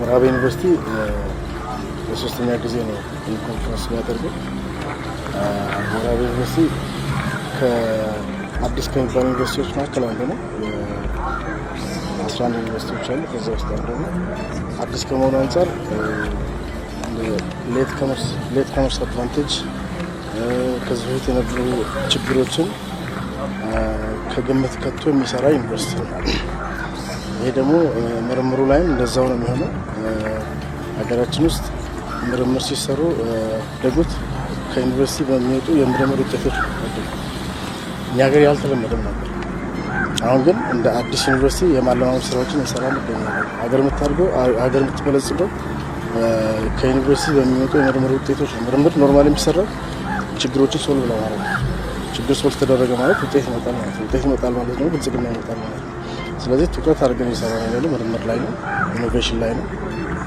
ወራቤ ዩኒቨርሲቲ ለሶስተኛ ጊዜ ነው ኮንፈረንስ የሚያደርገው። ወራቤ ዩኒቨርሲቲ ከአዲስ ከሚባሉ ዩኒቨርሲቲዎች መካከል አንዱ ነው። አስራ አንድ ዩኒቨርሲቲዎች አሉ። ከዚ ውስጥ አንዱ ነው። አዲስ ከመሆኑ አንጻር ሌት ኮመርስ አድቫንቴጅ ከዚህ በፊት የነበሩ ችግሮችን ከግምት ከቶ የሚሰራ ዩኒቨርሲቲ ነው። ይሄ ደግሞ ምርምሩ ላይም እንደዛው ነው የሚሆነው። ሀገራችን ውስጥ ምርምር ሲሰሩ ደጉት ከዩኒቨርሲቲ በሚወጡ የምርምር ውጤቶች እኛ ሀገር ያልተለመደም ነበር። አሁን ግን እንደ አዲስ ዩኒቨርሲቲ የማለማመድ ስራዎችን እንሰራል። ሀገር የምታደርገው ሀገር የምትበለጽገው ከዩኒቨርሲቲ በሚወጡ የምርምር ውጤቶች ነው። ምርምር ኖርማል የሚሰራው ችግሮችን ሶልቭ ለማድረግ ነው። ችግር ሶልቭ ተደረገ ማለት ውጤት ይመጣል ማለት ነው። ውጤት ይመጣል ማለት ነው ብልጽግና ይመጣል ማለት ነው። ስለዚህ ትኩረት አድርገን እየሰራ ነው ያለው ምርምር ላይ ነው፣ ኢኖቬሽን ላይ ነው።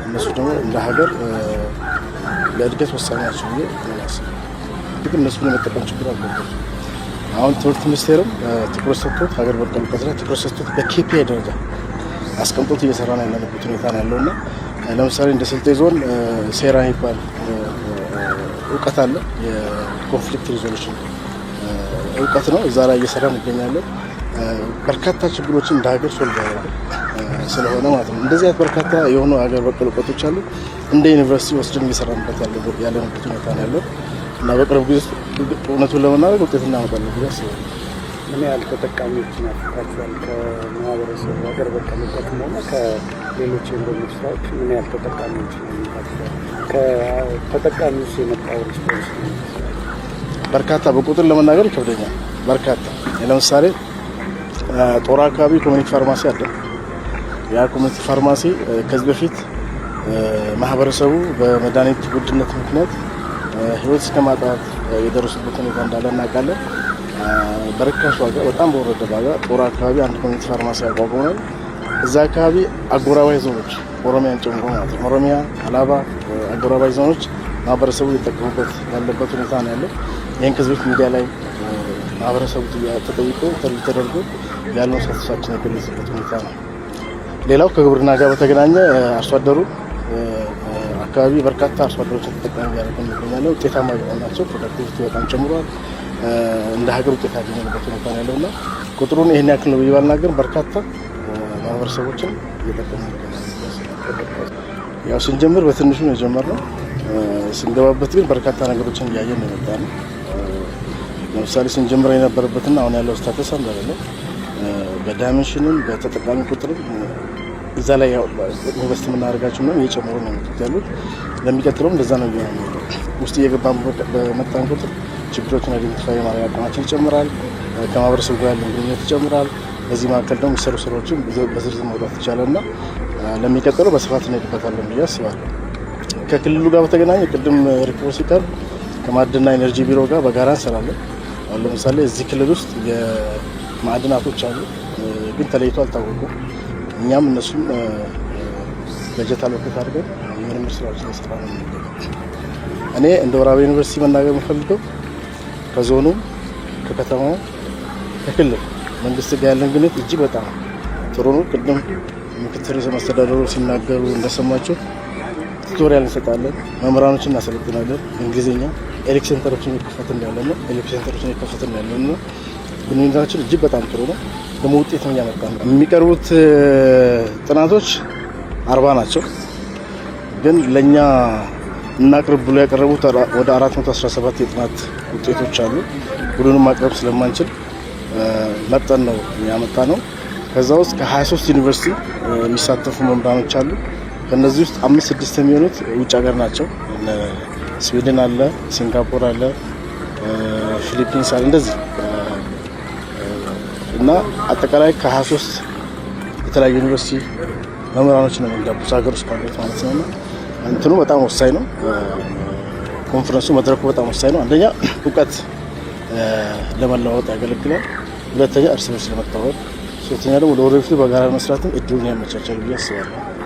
እነሱ ደግሞ እንደ ሀገር ለእድገት ወሳኝ ናቸው ብዬ ያስብ ግን እነሱ የመጠቀም ችግር አለበት። አሁን ትምህርት ሚኒስቴርም ትኩረት ሰጥቶት ሀገር በቀል እውቀት ላይ ትኩረት ሰጥቶት በኬፒአይ ደረጃ አስቀምጦት እየሰራ ነው ያለበት ሁኔታ ነው ያለው እና ለምሳሌ እንደ ስልጤ ዞን ሴራ የሚባል እውቀት አለ። የኮንፍሊክት ሪዞሉሽን እውቀት ነው። እዛ ላይ እየሰራ እንገኛለን። በርካታ ችግሮችን እንደ ሀገር ሶልቭ ያደርጋል ስለሆነ ማለት ነው። እንደዚህ አይነት በርካታ የሆኑ ሀገር በቀል እውቀቶች አሉ። እንደ ዩኒቨርሲቲ ወስደን እየሰራንበት ያለንበት ሁኔታ ነው ያለው እና በቅርብ ጊዜ እውነቱን ለመናደርግ ውጤት እናመጣለን ብዬ አስባለሁ። ምን ያህል ተጠቃሚዎችን ያፍቃቸዋል? ከማህበረሰቡ ሀገር በቀል እውቀት ሆነ ከሌሎች የምርምር ስራዎች ምን ያህል ተጠቃሚዎችን ያፍቃቸዋል? ከተጠቃሚዎች የመጣው ሪስፖንስ በርካታ በቁጥር ለመናገር ይከብደኛል። በርካታ ለምሳሌ ጦር አካባቢ ኮሚኒቲ ፋርማሲ አለ። ያ ኮሚኒቲ ፋርማሲ ከዚህ በፊት ማህበረሰቡ በመድኃኒት ውድነት ምክንያት ህይወት እስከ ማጣት የደረሱበት ሁኔታ እንዳለ እናውቃለን። በርካሽ ዋጋ፣ በጣም በወረደ ዋጋ ጦር አካባቢ አንድ ኮሚኒቲ ፋርማሲ አቋቁመናል። እዛ አካባቢ አጎራባይ ዞኖች ኦሮሚያን ጨምሮ ማለት ነው፣ ኦሮሚያ፣ አላባ አጎራባይ ዞኖች ማህበረሰቡ እየጠቀሙበት ያለበት ሁኔታ ነው ያለው። ይህን ከዚህ በፊት ሚዲያ ላይ ማህበረሰቡ ተጠይቆ ተደርጎ ያለውን ሳትስፋክሽን የገለጽበት ሁኔታ ነው። ሌላው ከግብርና ጋር በተገናኘ አርሶ አደሩ አካባቢ በርካታ አርሶ አደሮችን ተጠቃሚ ያደረገ ይገኛለ። ውጤታማ ናቸው። ፕሮዳክቲቪቲ በጣም ጨምሯል። እንደ ሀገር ውጤት ያገኘንበት ሁኔታ ያለው ያለውና ቁጥሩን ይህን ያክል ነው ብዬ ባልናገር በርካታ ማህበረሰቦችን እየጠቀሙ ያው ስንጀምር በትንሹ ነው የጀመርነው። ስንገባበት ግን በርካታ ነገሮችን እያየን የመጣ ነው። ለምሳሌ ስንጀምር የነበረበትና አሁን ያለው ስታተስ አለ አይደለ? በዳይመንሽንም በተጠቃሚ ቁጥርም እዛ ላይ ኢንቨስት የምናደርጋቸው ነው እየጨመሩ ነው ያሉት። ለሚቀጥለውም እንደዛ ነው እየሆነ ውስጥ እየገባ በመጣን ቁጥር ችግሮችን አይደንቲፋይ ማድረግ አቅማችን ይጨምራል። ከማህበረሰቡ ጋር ያለን ግንኙነት ይጨምራል። በዚህ መካከል ደግሞ የሚሰሩ ስራዎችን በዝርዝር መውጣት ይቻላል እና ለሚቀጥለው በስፋት እንሄድበታለን ብዬ አስባለሁ። ከክልሉ ጋር በተገናኘ ቅድም ሪፖርት ሲቀርብ ከማዕድንና ኢነርጂ ቢሮ ጋር በጋራ እንሰራለን። አሁን ለምሳሌ እዚህ ክልል ውስጥ የማዕድናቶች አሉ፣ ግን ተለይቶ አልታወቁም። እኛም እነሱም በጀት አልበከት አድርገን ምርምር ስራዎች እየሰራ ነው። እኔ እንደ ወራቤ ዩኒቨርሲቲ መናገር የምፈልገው ከዞኑ ከከተማው ከክልል መንግስት ጋር ያለን ግንኙነት እጅግ በጣም ጥሩ ነው። ቅድም ምክትል ርዕሰ መስተዳደሩ ሲናገሩ እንደሰማቸው ቱቶሪያል እንሰጣለን፣ መምህራኖችን እናሰለጥናለን እንግሊዝኛ ኤሌክሽን ተሮችን ይከፈት እንዳለ ነው። ኤሌክሽን ተሮችን ይከፈት እንዳለ ነው። ግንኙነታችን እጅግ በጣም ጥሩ ነው። ደግሞ ውጤት ነው እያመጣ ነው። የሚቀርቡት ጥናቶች አርባ ናቸው። ግን ለእኛ እናቅርብ ብሎ ያቀረቡት ወደ 417 የጥናት ውጤቶች አሉ። ሁሉንም ማቅረብ ስለማንችል መጠን ነው የሚያመጣ ነው። ከዛ ውስጥ ከ23 ዩኒቨርሲቲ የሚሳተፉ መምህራኖች አሉ። ከእነዚህ ውስጥ አምስት ስድስት የሚሆኑት ውጭ ሀገር ናቸው። ስዊድን አለ፣ ሲንጋፖር አለ፣ ፊሊፒንስ አለ እንደዚህ እና አጠቃላይ ከ23 የተለያዩ ዩኒቨርሲቲ መምህራኖች ነው የሚጋቡት ሀገር ውስጥ ማለት ማለት ነው። እንትኑ በጣም ወሳኝ ነው። ኮንፈረንሱ መድረኩ በጣም ወሳኝ ነው። አንደኛ እውቀት ለመለዋወጥ ያገለግላል። ሁለተኛ እርስ በርስ ለመተዋወቅ፣ ሶስተኛ ደግሞ ለወደፊቱ በጋራ መስራትም እድሉን ያመቻቻል ብዬ አስባለሁ።